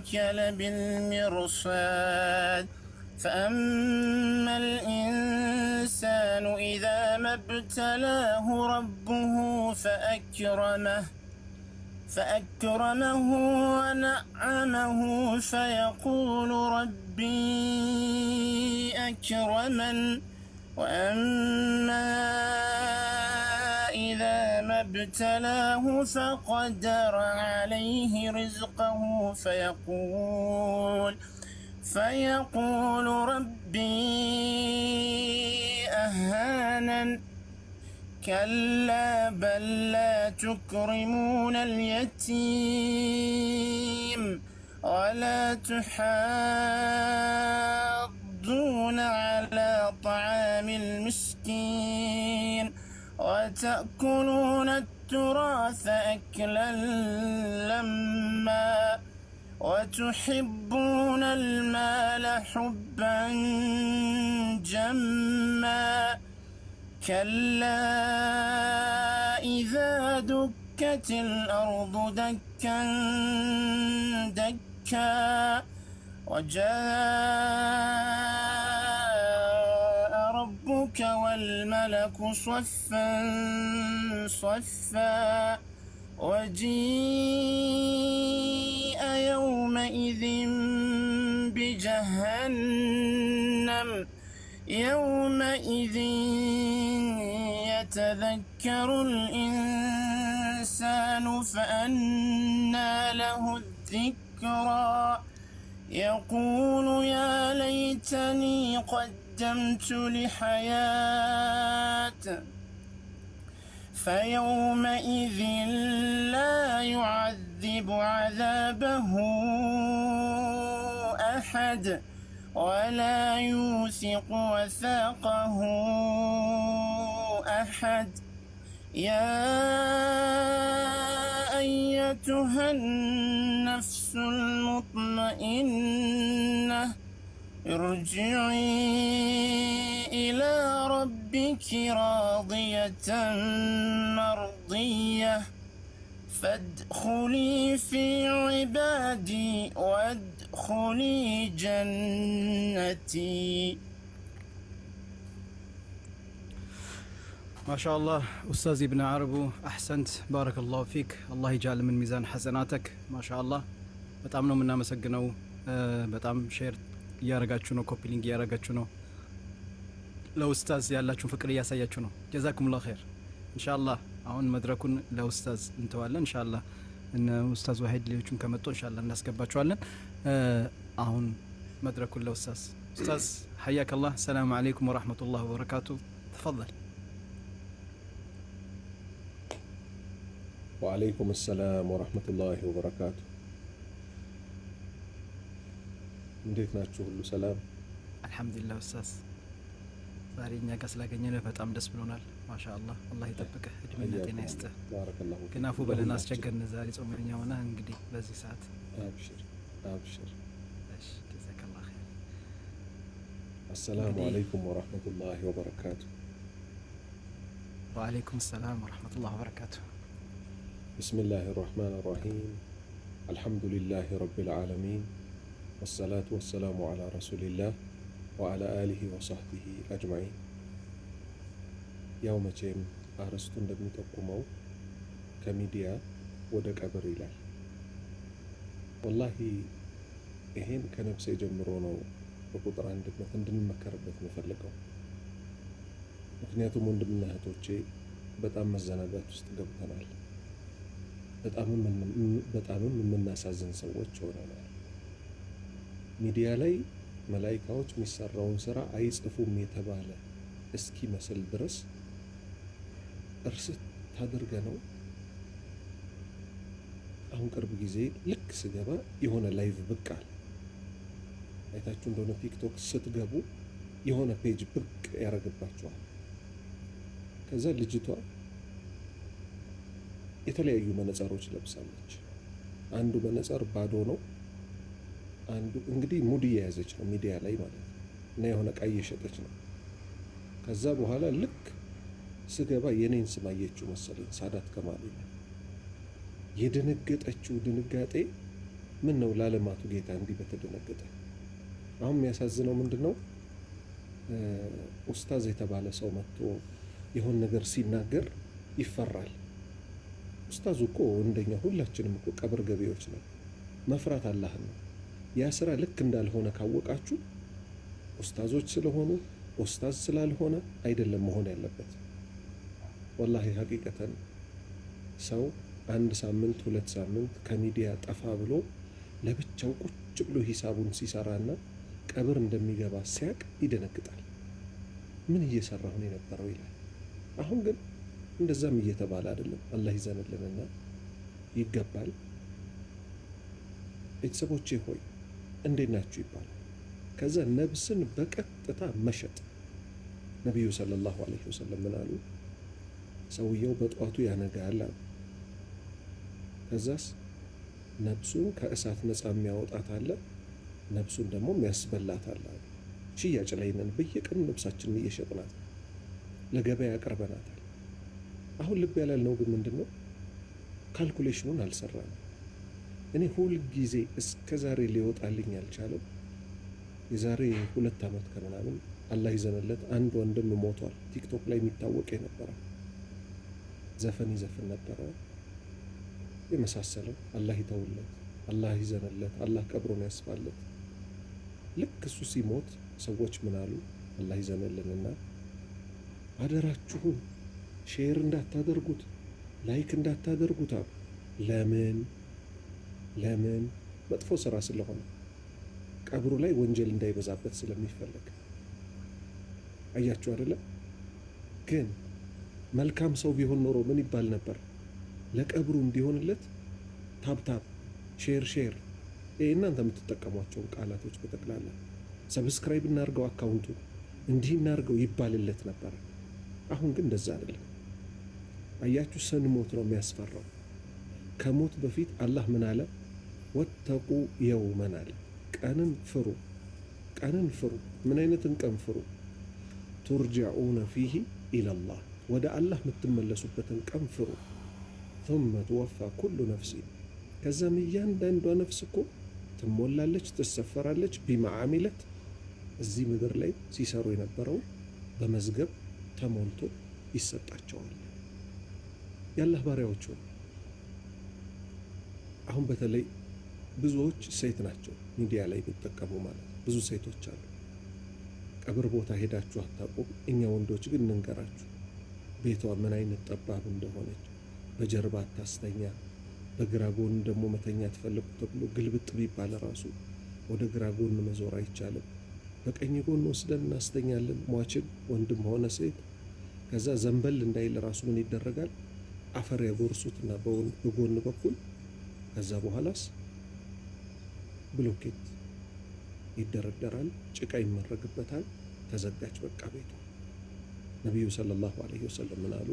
الهيكل بالمرصاد فأما الإنسان إذا ما ابتلاه ربه فأكرمه فأكرمه ونعمه فيقول ربي أكرمن وأما ابتلاه فقدر عليه رزقه فيقول فيقول ربي أهانن كلا بل لا تكرمون اليتيم ولا تحاضون على طعام المسكين وتأكلون التراث أكلا لما وتحبون المال حبا جما كلا إذا دكت الأرض دكا دكا وجاء الملك صفا صفا وجيء يومئذ بجهنم يومئذ يتذكر الإنسان فأنى له الذكرى يقول يا ليتني قد قدمت لحياة فيومئذ لا يعذب عذابه أحد ولا يوثق وثاقه أحد يا أيتها النفس المطمئنة ارجعي إلى ربك راضية مرضية فادخلي في عبادي وادخلي جنتي ما شاء الله أستاذي ابن عربو أحسنت بارك الله فيك الله يجعل من ميزان حسناتك ما شاء الله بتعملوا ነው مسجنوا آه، بتعمل شيرت እያረጋችሁ ነው፣ ኮፒሊንግ እያረጋችሁ ነው፣ ለኡስታዝ ያላችሁን ፍቅር እያሳያችሁ ነው። ጀዛኩሙላህ ኸይር። ኢንሻአላህ አሁን መድረኩን ለኡስታዝ እንተዋለን። ኢንሻአላህ እነ ኡስታዝ ዋሂድ ሌሎቹን ከመጡ ኢንሻአላህ እናስገባቸዋለን። አሁን መድረኩን ለኡስታዝ ኡስታዝ፣ ሐያከላህ። ሰላም አለይኩም ወራህመቱላህ ወበረካቱ። ተፈضል وعليكم السلام ورحمة الله وبركاته እንዴት ናችሁ? ሁሉ ሰላም? አልሐምዱሊላህ። ኡስታዝ ዛሬ እኛ ጋር ስላገኘን በጣም ደስ ብሎናል። ማሻ አላህ አላህ ይጠብቅህ፣ እድሜና ጤና ይስጥህ። ግን አፉ በለን አስቸገርን። ዛሬ ጾመኛ ሆነ እንግዲህ በዚህ ሰዓት አብሽር አብሽር። ጀዛከላህ ኸይር። አሰላሙ አለይኩም ወረህመቱላህ ወበረካቱ። ወአለይኩም ሰላም ወረህመቱላህ ወበረካቱ። ብስሚላህ ራህማን ራሂም አልሐምዱሊላህ ረቢልዓለሚን ወሰላቱ ወሰላሙ አላ ረሱሊላህ ወአላ አሊሂ ወሳህቢሂ አጅማዒን። ያው መቼም አርዕስቱ እንደሚጠቁመው ከሚዲያ ወደ ቀብር ይላል። ወላሂ ይሄን ከነፍሴ ጀምሮ ነው በቁጥር አንድነት እንድንመከርበት የምፈልገው። ምክንያቱም ወንድምና እህቶቼ በጣም መዘናጋት ውስጥ ገብተናል። በጣምም የምናሳዝን ሰዎች ሆነናል። ሚዲያ ላይ መላይካዎች የሚሰራውን ስራ አይጽፉም የተባለ እስኪ መስል ድረስ እርስ ታደርገ ነው። አሁን ቅርብ ጊዜ ልክ ስገባ የሆነ ላይቭ ብቅ አለ። አይታችሁ እንደሆነ ቲክቶክ ስትገቡ የሆነ ፔጅ ብቅ ያደርግባችኋል። ከዛ ልጅቷ የተለያዩ መነጽሮች ለብሳለች። አንዱ መነጽር ባዶ ነው። አንዱ እንግዲህ ሙድ እየያዘች ነው ሚዲያ ላይ ማለት ነው እና የሆነ እቃ እየሸጠች ነው። ከዛ በኋላ ልክ ስገባ የኔን ስም አየችው መሰለኝ ሳዳት ከማል የደነገጠችው ድንጋጤ ምን ነው ላለማቱ ጌታ እንዲህ በተደነገጠ አሁን የሚያሳዝነው ምንድን ነው ኡስታዝ የተባለ ሰው መጥቶ የሆን ነገር ሲናገር ይፈራል ኡስታዙ እኮ እንደኛ ሁላችንም እኮ ቀብር ገቢዎች ነው መፍራት አላህን ነው ያ ስራ ልክ እንዳልሆነ ካወቃችሁ ኡስታዞች ስለሆኑ ኡስታዝ ስላልሆነ አይደለም መሆን ያለበት። ወላሂ ሀቂቀተን ሰው አንድ ሳምንት ሁለት ሳምንት ከሚዲያ ጠፋ ብሎ ለብቻው ቁጭ ብሎ ሂሳቡን ሲሰራና ቀብር እንደሚገባ ሲያቅ ይደነግጣል። ምን እየሰራሁ ነው የነበረው ይላል። አሁን ግን እንደዛም እየተባለ አይደለም። አላህ ይዘንልንና ይገባል። ቤተሰቦቼ ሆይ እንዴት ናችሁ ይባላል። ከዛ ነብስን በቀጥታ መሸጥ። ነቢዩ ሰለላሁ ዐለይሂ ወሰለም ምን አሉ? ሰውየው በጠዋቱ ያነጋል አሉ። ከዛስ ነብሱን ከእሳት ነፃ የሚያወጣት አለ፣ ነብሱን ደግሞ የሚያስበላት አለ። ሽያጭ ላይ ነን። በየቀኑ ነብሳችንን እየሸጥናት ለገበያ ያቀርበናታል። አሁን ልብ ነው ግን ምንድን ነው? ካልኩሌሽኑን አልሰራንም። እኔ ሁል ጊዜ እስከ ዛሬ ሊወጣልኝ ያልቻለው የዛሬ ሁለት ዓመት ከምናምን አላህ ይዘንለት አንድ ወንድም ሞቷል። ቲክቶክ ላይ የሚታወቅ የነበረ ዘፈን ይዘፍን ነበረ የመሳሰለው። አላህ ይተውለት፣ አላህ ይዘንለት፣ አላህ ቀብሮን ያስፋለት። ልክ እሱ ሲሞት ሰዎች ምን አሉ? አላህ ይዘንልንና አደራችሁን ሼር እንዳታደርጉት ላይክ እንዳታደርጉት አሉ። ለምን ለምን? መጥፎ ስራ ስለሆነ ቀብሩ ላይ ወንጀል እንዳይበዛበት ስለሚፈለግ። አያችሁ አይደለም? ግን መልካም ሰው ቢሆን ኖሮ ምን ይባል ነበር? ለቀብሩ እንዲሆንለት ታብታብ፣ ሼር ሼር፣ እናንተ የምትጠቀሟቸውን ቃላቶች በጠቅላላ ሰብስክራይብ እናርገው፣ አካውንቱ እንዲህ እናርገው ይባልለት ነበር አሁን ግን እንደዛ አይደለም። አያችሁ፣ ስንሞት ነው የሚያስፈራው። ከሞት በፊት አላህ ምን አለ? ወተቁ የውመን አለ። ቀንን ፍሩ፣ ቀንን ፍሩ። ምን አይነትን ቀን ፍሩ? ቱርጃኡነ ፊሂ ኢለላህ ወደ አላህ የምትመለሱበትን ቀን ፍሩ። ثመ ትወፋ ኩሉ ነፍሲ ከዛም እያንዳንዷ ነፍስ እኮ ትሞላለች፣ ትሰፈራለች። ቢማዓሚለት እዚህ ምድር ላይ ሲሰሩ የነበረው በመዝገብ ተሞልቶ ይሰጣቸዋል። የአላህ ባሪያዎች አሁን በተለይ ብዙዎች ሴት ናቸው ሚዲያ ላይ የሚጠቀሙ ማለት ነው። ብዙ ሴቶች አሉ። ቀብር ቦታ ሄዳችሁ አታውቁም። እኛ ወንዶች ግን እንንገራችሁ፣ ቤቷ ምን አይነት ጠባብ እንደሆነች በጀርባ አታስተኛ፣ በግራ ጎን ደግሞ መተኛ ትፈልጉ ተብሎ ግልብጥ ቢባል ራሱ ወደ ግራ ጎን መዞር አይቻልም። በቀኝ ጎን ወስደን እናስተኛለን ሟችን፣ ወንድም ሆነ ሴት። ከዛ ዘንበል እንዳይል ራሱ ምን ይደረጋል? አፈር ያጎርሱትና በጎን በኩል ከዛ በኋላስ ብሎኬት ይደረደራል፣ ጭቃ ይመረግበታል። ተዘጋች በቃ ቤቱ። ነቢዩ ሰለላሁ ዐለይሂ ወሰለም ምን አሉ?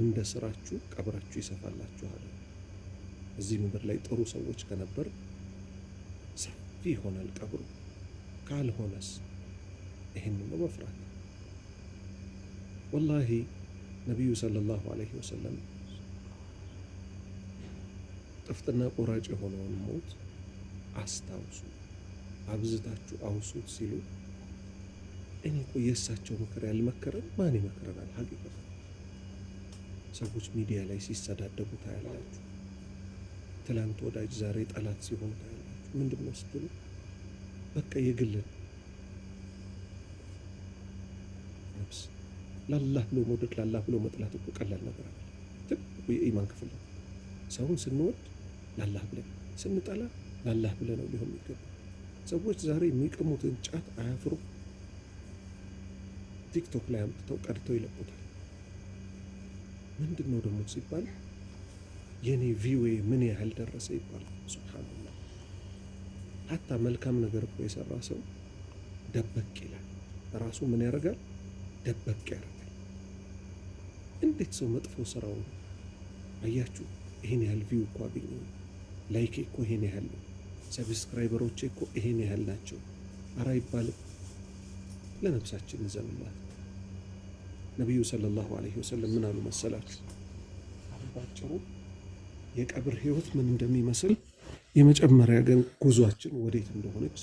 እንደ ስራችሁ ቀብራችሁ ይሰፋላችኋል። እዚህ ምድር ላይ ጥሩ ሰዎች ከነበር ሰፊ ይሆናል ቀብሩ፣ ካልሆነስ ይህን ነው መፍራት። ወላሂ ነቢዩ ሰለላሁ ዐለይሂ ወሰለም ጥፍጥና ቆራጭ የሆነውን ሞት አስታውሱ፣ አብዝታችሁ አውሱት ሲሉ እኔ እኮ የእሳቸው ምክር ያልመከረን ማን ይመክረናል? ሀቂቃ ሰዎች ሚዲያ ላይ ሲሰዳደቡ ታያላችሁ። ትላንት ወዳጅ ዛሬ ጠላት ሲሆን ታያላችሁ። ምንድን ነው ስትሉ በቃ የግልን ነፍስ ላላህ ብሎ መውደድ ላላህ ብሎ መጥላት እኮ ቀላል ነገር አለ። ትልቁ የኢማን ክፍል ነው። ሰውን ስንወድ ላላህ ብለን ስንጠላ ላላህ ብለህ ነው ሊሆን የሚገባው። ሰዎች ዛሬ የሚቀሙትን ጫት አያፍሩ። ቲክቶክ ላይ አምጥተው ቀድተው ይለቁታል። ምንድን ነው ደግሞ ሲባል የኔ ቪዌ ምን ያህል ደረሰ ይባላል። ሱብሃንላ ሀታ መልካም ነገር እኮ የሰራ ሰው ደበቅ ይላል። ራሱ ምን ያደርጋል? ደበቅ ያደርጋል። እንዴት ሰው መጥፎ ስራው አያችሁ፣ ይህን ያህል ቪው እኮ አገኘ፣ ላይክ እኮ ይህን ያህል ነው ሰብስክራይበሮች እኮ ይሄን ያህል ናቸው። አራ ይባልም ለነብሳችን እንዘንባት። ነቢዩ ሰለላሁ ዐለይሂ ወሰለም ምን አሉ መሰላችሁ? ባጭሩ የቀብር ህይወት ምን እንደሚመስል የመጨመሪያ ግን ጉዟችን ወዴት እንደሆነች